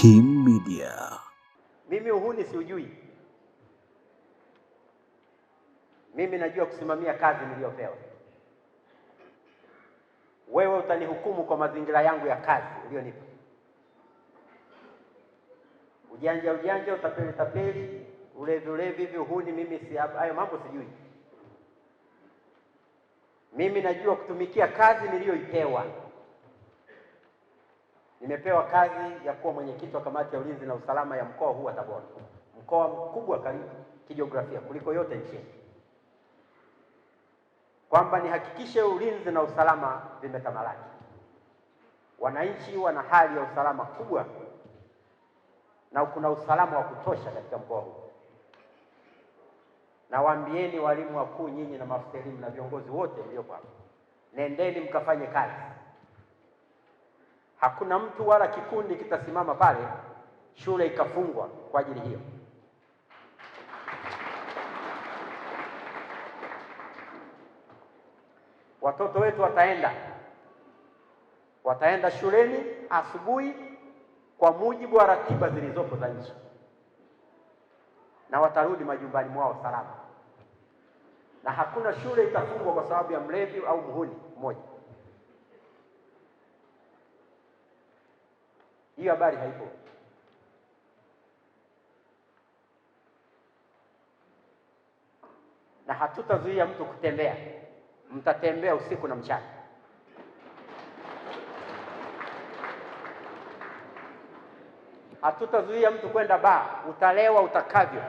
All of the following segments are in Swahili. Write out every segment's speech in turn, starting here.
Kim Media. Mimi uhuni siujui, mimi najua kusimamia kazi niliyopewa. Wewe utanihukumu kwa mazingira yangu ya kazi uliyonipa. Ujanja ujanja, utapeli tapeli, ulevi ulevi, hivi uhuni, mimi si hayo mambo sijui. Mimi najua kutumikia kazi niliyoipewa. Nimepewa kazi ya kuwa mwenyekiti wa kamati ya ulinzi na usalama ya mkoa huu wa Tabora, mkoa mkubwa kijiografia kuliko yote nchini, kwamba nihakikishe ulinzi na usalama vimetamalaki, wananchi wana hali ya usalama kubwa na kuna usalama wa kutosha katika mkoa huu. Nawaambieni walimu wakuu, nyinyi na maafisa elimu na viongozi wote mlioko hapa, nendeni mkafanye kazi Hakuna mtu wala kikundi kitasimama pale shule ikafungwa kwa ajili hiyo. Watoto wetu wataenda wataenda shuleni asubuhi kwa mujibu wa ratiba zilizopo za nchi, na watarudi majumbani mwao salama, na hakuna shule itafungwa kwa sababu ya mlevi au muhuni mmoja. Hiyo habari haipo. Na hatutazuia mtu kutembea, mtatembea usiku na mchana. Hatutazuia mtu kwenda baa, utalewa utakavyo.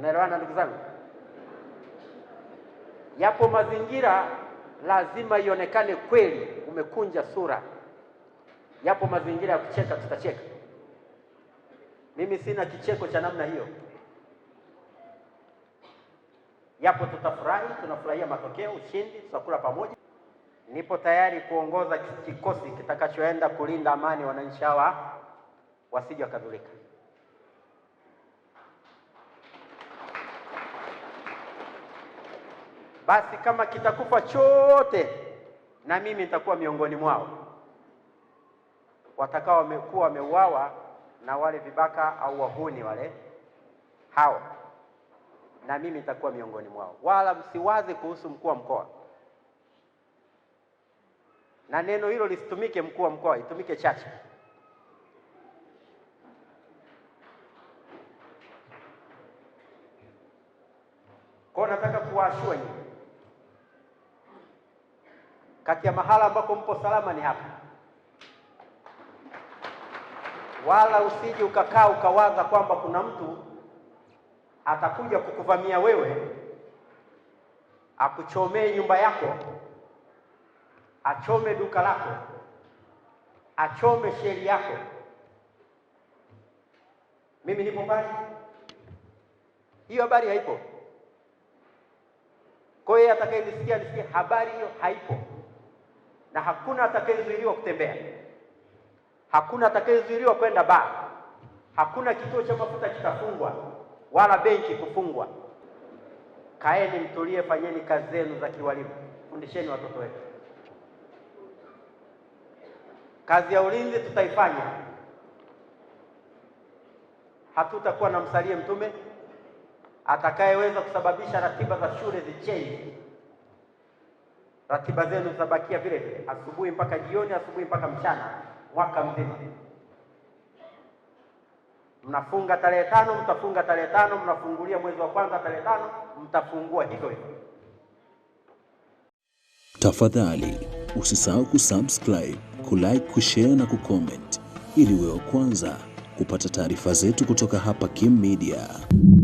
Unaelewana ndugu zangu? Yapo mazingira lazima ionekane kweli umekunja sura. Yapo mazingira ya kucheka, tutacheka. Mimi sina kicheko cha namna hiyo. Yapo tutafurahi, tunafurahia matokeo, ushindi, tutakula pamoja. Nipo tayari kuongoza kikosi kitakachoenda kulinda amani wananchi hawa wasije wakadhulika. basi kama kitakufa chote, na mimi nitakuwa miongoni mwao watakao wamekuwa wameuawa na wale vibaka au wahuni wale hao, na mimi nitakuwa miongoni mwao. Wala msiwaze kuhusu mkuu wa mkoa, na neno hilo lisitumike mkuu wa mkoa, itumike chache Kwa Nataka kuwaashua nyinyi kati ya mahala ambako mpo salama ni hapa. Wala usije ukakaa ukawaza kwamba kuna mtu atakuja kukuvamia wewe akuchomee nyumba yako, achome duka lako, achome sheri yako. Mimi nipo mbali, hiyo habari haipo. Kwa hiyo atakayesikia nisikia habari hiyo haipo na hakuna atakayezuiliwa kutembea, hakuna atakayezuiliwa kwenda baa, hakuna kituo cha mafuta kitafungwa wala benki kufungwa. Kaeni mtulie, fanyeni kazi zenu za kiwalimu, fundisheni watoto wetu. Kazi ya ulinzi tutaifanya, hatutakuwa na msalie mtume atakayeweza kusababisha ratiba za shule zichenji ratiba zenu zabakia vile vile, asubuhi mpaka jioni, asubuhi mpaka mchana, mwaka mzima. Mnafunga tarehe tano, mtafunga tarehe tano. Mnafungulia mwezi wa kwanza tarehe tano, mtafungua hivyo hivyo. Tafadhali usisahau kusubscribe, kulike, kushare na kucomment ili wewe kwanza kupata taarifa zetu kutoka hapa Kim Media.